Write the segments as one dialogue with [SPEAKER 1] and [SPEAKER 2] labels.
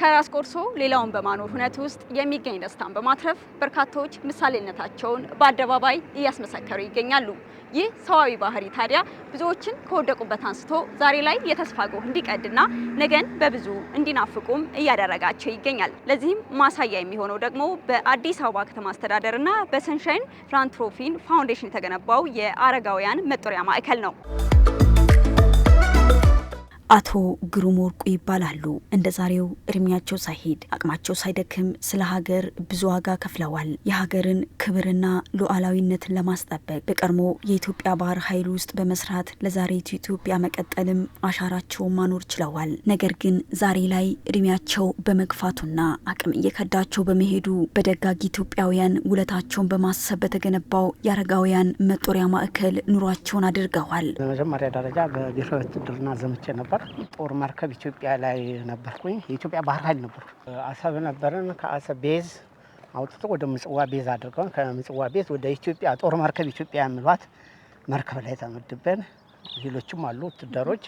[SPEAKER 1] ከራስ ቆርሶ ሌላውን በማኖር ሁነት ውስጥ የሚገኝ ደስታን በማትረፍ በርካታዎች ምሳሌነታቸውን በአደባባይ እያስመሰከሩ ይገኛሉ። ይህ ሰዋዊ ባህሪ ታዲያ ብዙዎችን ከወደቁበት አንስቶ ዛሬ ላይ የተስፋ ጎህ እንዲቀድና ነገን በብዙ እንዲናፍቁም እያደረጋቸው ይገኛል። ለዚህም ማሳያ የሚሆነው ደግሞ በአዲስ አበባ ከተማ አስተዳደርና በሰንሻይን ፍራንትሮፊን ፋውንዴሽን የተገነባው የአረጋውያን መጦሪያ ማዕከል ነው።
[SPEAKER 2] አቶ ግሩም ወርቁ ይባላሉ። እንደ ዛሬው እድሜያቸው ሳይሄድ አቅማቸው ሳይደክም ስለ ሀገር ብዙ ዋጋ ከፍለዋል። የሀገርን ክብርና ሉዓላዊነትን ለማስጠበቅ በቀድሞ የኢትዮጵያ ባህር ኃይል ውስጥ በመስራት ለዛሬቱ ኢትዮጵያ መቀጠልም አሻራቸውን ማኖር ችለዋል። ነገር ግን ዛሬ ላይ እድሜያቸው በመግፋቱና አቅም እየከዳቸው በመሄዱ በደጋግ ኢትዮጵያውያን ውለታቸውን በማሰብ በተገነባው የአረጋውያን መጦሪያ ማዕከል ኑሯቸውን አድርገዋል።
[SPEAKER 3] በመጀመሪያ ደረጃ በቤተ ውትድርና ዘምቼ ነበር ነበር። ጦር መርከብ ኢትዮጵያ ላይ ነበርኩኝ። የኢትዮጵያ ባህር ኃይል ነበርኩ። አሰብ ነበርን። ከአሰብ ቤዝ አውጥቶ ወደ ምጽዋ ቤዝ አድርገውን ከምጽዋ ቤዝ ወደ ኢትዮጵያ ጦር መርከብ ኢትዮጵያ የሚሏት መርከብ ላይ ተመድበን ሌሎችም አሉ ወታደሮች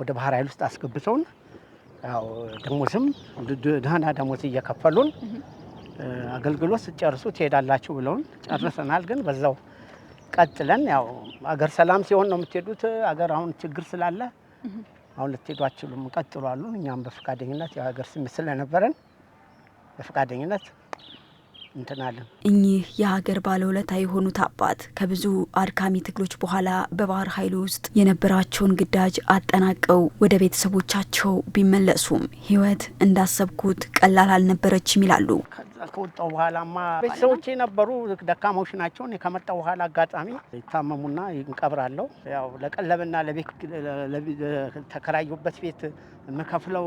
[SPEAKER 3] ወደ ባህር ኃይል ውስጥ አስገብተውን ያው ደሞዝም ደህና ደሞዝ እየከፈሉን አገልግሎት ስጨርሱ ትሄዳላችሁ ብለውን ጨርሰናል። ግን በዛው ቀጥለን ያው አገር ሰላም ሲሆን ነው የምትሄዱት። አገር አሁን ችግር ስላለ አሁን ልትሄዱ አትችሉም ቀጥሉ አሉ። እኛም በፈቃደኝነት የሀገር ስሜት ስለነበረን በፈቃደኝነት እንትናለን።
[SPEAKER 2] እኚህ የሀገር ባለውለታ የሆኑት አባት ከብዙ አድካሚ ትግሎች በኋላ በባህር ኃይል ውስጥ የነበራቸውን ግዳጅ አጠናቀው ወደ ቤተሰቦቻቸው ቢመለሱም ህይወት እንዳሰብኩት ቀላል አልነበረችም ይላሉ።
[SPEAKER 3] ከወጣው በኋላማ ቤተሰቦቼ ነበሩ ደካማዎች ናቸው። እኔ በኋላ አጋጣሚ ይታመሙና ይንቀብራለሁ። ያው ለቀለብና ተከራዩበት ቤት የምከፍለው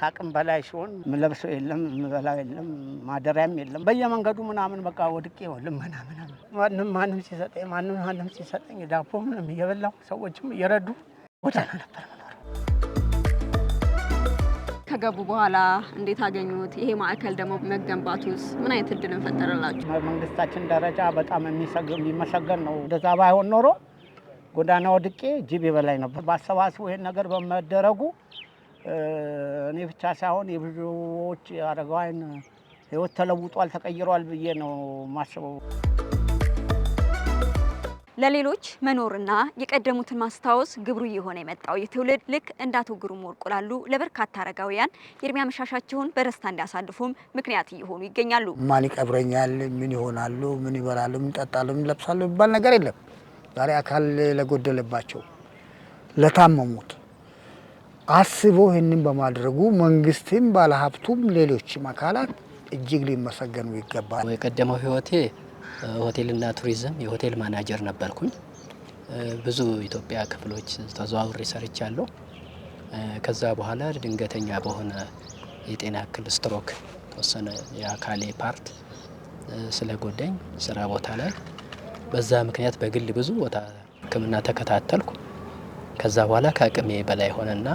[SPEAKER 3] ከአቅም በላይ ሲሆን የምለብሰው የለም፣ የምበላው የለም፣ ማደሪያም የለም። በየመንገዱ ምናምን በቃ ወድቄ ልመና ምናምን ማንም ማንም ሲሰጠኝ ማንም ማንም ሲሰጠኝ ዳቦ ምንም እየበላሁ ሰዎችም እየረዱ ጎዳና ነበር።
[SPEAKER 4] ከገቡ በኋላ እንዴት አገኙት? ይሄ ማዕከል ደግሞ መገንባቱስ ምን አይነት እድል ፈጠረላችሁ?
[SPEAKER 3] በመንግስታችን ደረጃ በጣም የሚመሰገን ነው። እንደዛ ባይሆን ኖሮ ጎዳና ወድቄ ጅብ በላይ ነበር። በአሰባሰቡ ይሄን ነገር በመደረጉ እኔ ብቻ ሳይሆን የብዙዎች አረጋውያን ህይወት ተለውጧል፣ ተቀይሯል ብዬ ነው ማስበው።
[SPEAKER 1] ለሌሎች መኖርና የቀደሙትን ማስታወስ ግብሩ እየሆነ የመጣው የትውልድ ልክ እንደ አቶ ግሩም ወርቁ ላሉ ለበርካታ አረጋውያን የእድሜ አመሻሻቸውን በደስታ እንዲያሳልፉም ምክንያት እየሆኑ ይገኛሉ።
[SPEAKER 5] ማን ይቀብረኛል፣ ምን ይሆናሉ፣ ምን ይበላሉ፣ ምን ይጠጣሉ፣ ምን ይለብሳሉ የሚባል ነገር የለም። ዛሬ አካል ለጎደለባቸው ለታመሙት አስቦ ይህንን በማድረጉ መንግስትም ባለሀብቱም ሌሎችም አካላት እጅግ ሊመሰገኑ ይገባል።
[SPEAKER 6] የቀደመው ህይወቴ ሆቴልና ቱሪዝም የሆቴል ማናጀር ነበርኩኝ። ብዙ ኢትዮጵያ ክፍሎች ተዘዋውሬ ሰርቻለሁ። ከዛ በኋላ ድንገተኛ በሆነ የጤና እክል ስትሮክ ተወሰነ የአካሌ ፓርት ስለጎዳኝ ስራ ቦታ ላይ በዛ ምክንያት በግል ብዙ ቦታ ሕክምና ተከታተልኩ። ከዛ በኋላ ከአቅሜ በላይ ሆነና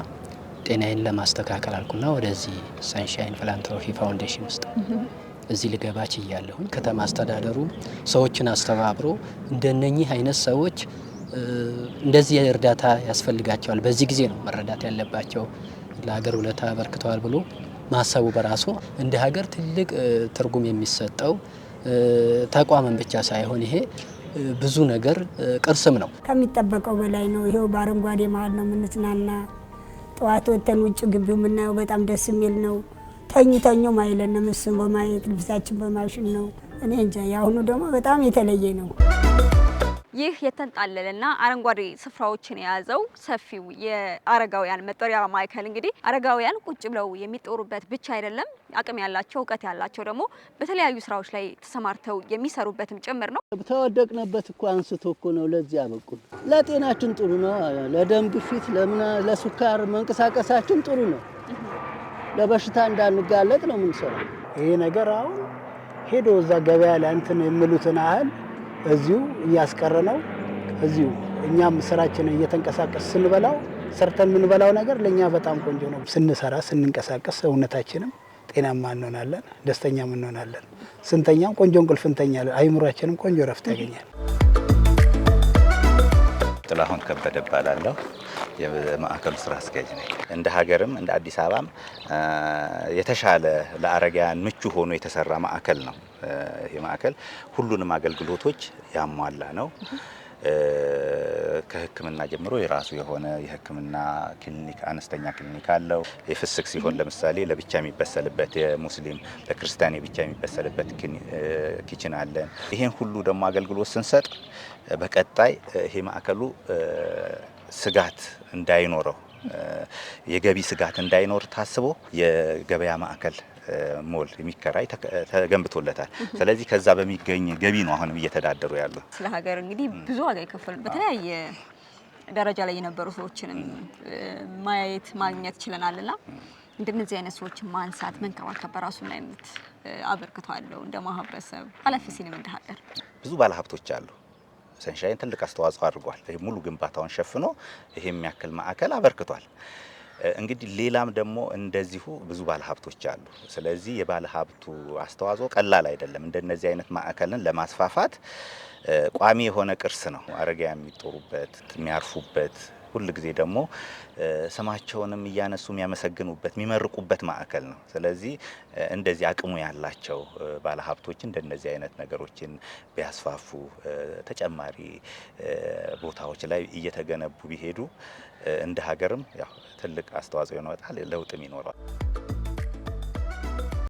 [SPEAKER 6] ጤናዬን ለማስተካከል አልኩና ወደዚህ ሰንሻይን ፊላንትሮፊ ፋውንዴሽን ውስጥ እዚህ ልገባች እያለሁኝ ከተማ አስተዳደሩ ሰዎችን አስተባብሮ እንደነኚህ አይነት ሰዎች እንደዚህ እርዳታ ያስፈልጋቸዋል፣ በዚህ ጊዜ ነው መረዳት ያለባቸው፣ ለሀገር ውለታ አበርክተዋል ብሎ ማሰቡ በራሱ እንደ ሀገር ትልቅ ትርጉም የሚሰጠው ተቋምን ብቻ ሳይሆን ይሄ ብዙ ነገር ቅርስም ነው።
[SPEAKER 7] ከሚጠበቀው በላይ ነው። ይሄው በአረንጓዴ መሀል ነው የምንዝናና። ጠዋት ወተን ውጭ ግቢው የምናየው በጣም ደስ የሚል ነው። ተኝተኛው አይለንም። እሱን በማየት ልብሳችን በማሽን ነው። እኔ እንጃ የአሁኑ ደግሞ በጣም የተለየ ነው።
[SPEAKER 1] ይህ የተንጣለለና አረንጓዴ ስፍራዎችን የያዘው ሰፊው የአረጋውያን መጠሪያ ማዕከል እንግዲህ አረጋውያን ቁጭ ብለው የሚጦሩበት ብቻ አይደለም። አቅም ያላቸው እውቀት ያላቸው ደግሞ በተለያዩ ስራዎች ላይ ተሰማርተው የሚሰሩበትም ጭምር ነው።
[SPEAKER 5] ተወደቅንበት እኮ አንስቶ እኮ ነው ለዚህ ያበቁ። ለጤናችን ጥሩ ነው። ለደም ግፊት ለምና ለሱካር መንቀሳቀሳችን ጥሩ ነው። ለበሽታ እንዳንጋለጥ ነው የምንሰራው። ይሄ ነገር አሁን ሄዶ እዛ ገበያ ላይ እንትን የምሉትን አህል እዚሁ እያስቀረ ነው። እዚሁ እኛም ስራችን እየተንቀሳቀስ ስንበላው ሰርተን የምንበላው ነገር ለእኛ በጣም ቆንጆ ነው። ስንሰራ ስንንቀሳቀስ ሰውነታችንም ጤናማ እንሆናለን፣ ደስተኛም እንሆናለን። ስንተኛም ቆንጆ እንቅልፍ እንተኛለን። አይምሯችንም ቆንጆ ረፍት ያገኛል።
[SPEAKER 8] ጥላሁን ከበደ እባላለሁ። የማዕከሉ ስራ አስኪያጅ ነኝ። እንደ ሀገርም እንደ አዲስ አበባም የተሻለ ለአረጋውያን ምቹ ሆኖ የተሰራ ማዕከል ነው። ይህ ማዕከል ሁሉንም አገልግሎቶች ያሟላ ነው። ከህክምና ጀምሮ የራሱ የሆነ የህክምና ክሊኒክ አነስተኛ ክሊኒክ አለው። የፍስክ ሲሆን ለምሳሌ ለብቻ የሚበሰልበት የሙስሊም ለክርስቲያን የብቻ የሚበሰልበት ኪችን አለን። ይሄን ሁሉ ደግሞ አገልግሎት ስንሰጥ በቀጣይ ይሄ ማዕከሉ ስጋት እንዳይኖረው የገቢ ስጋት እንዳይኖር ታስቦ የገበያ ማዕከል ሞል የሚከራይ ተገንብቶለታል። ስለዚህ ከዛ በሚገኝ ገቢ ነው አሁንም እየተዳደሩ ያሉ።
[SPEAKER 1] ስለ ሀገር እንግዲህ ብዙ ዋጋ የከፈሉ በተለያየ ደረጃ ላይ የነበሩ ሰዎችንም ማየት ማግኘት ችለናል ና እንደነዚህ አይነት ሰዎች ማንሳት መንከባከብ በራሱ ላይ ምት አበርክቶ አለው እንደ ማህበረሰብ አለፍ ሲልም እንደ ሀገር
[SPEAKER 8] ብዙ ባለሀብቶች አሉ። ሰንሻይን ትልቅ አስተዋጽኦ አድርጓል። ሙሉ ግንባታውን ሸፍኖ ይሄ የሚያክል ማዕከል አበርክቷል። እንግዲህ ሌላም ደግሞ እንደዚሁ ብዙ ባለሀብቶች አሉ። ስለዚህ የባለሀብቱ አስተዋጽኦ ቀላል አይደለም። እንደነዚህ አይነት ማዕከልን ለማስፋፋት ቋሚ የሆነ ቅርስ ነው። አረጋ የሚጦሩበት፣ የሚያርፉበት ሁል ጊዜ ደግሞ ስማቸውንም እያነሱ የሚያመሰግኑበት የሚመርቁበት ማዕከል ነው። ስለዚህ እንደዚህ አቅሙ ያላቸው ባለሀብቶች እንደነዚህ አይነት ነገሮችን ቢያስፋፉ ተጨማሪ ቦታዎች ላይ እየተገነቡ ቢሄዱ እንደ ሀገርም ያው ትልቅ አስተዋጽኦ ይኖራል፣ ለውጥም ይኖረዋል።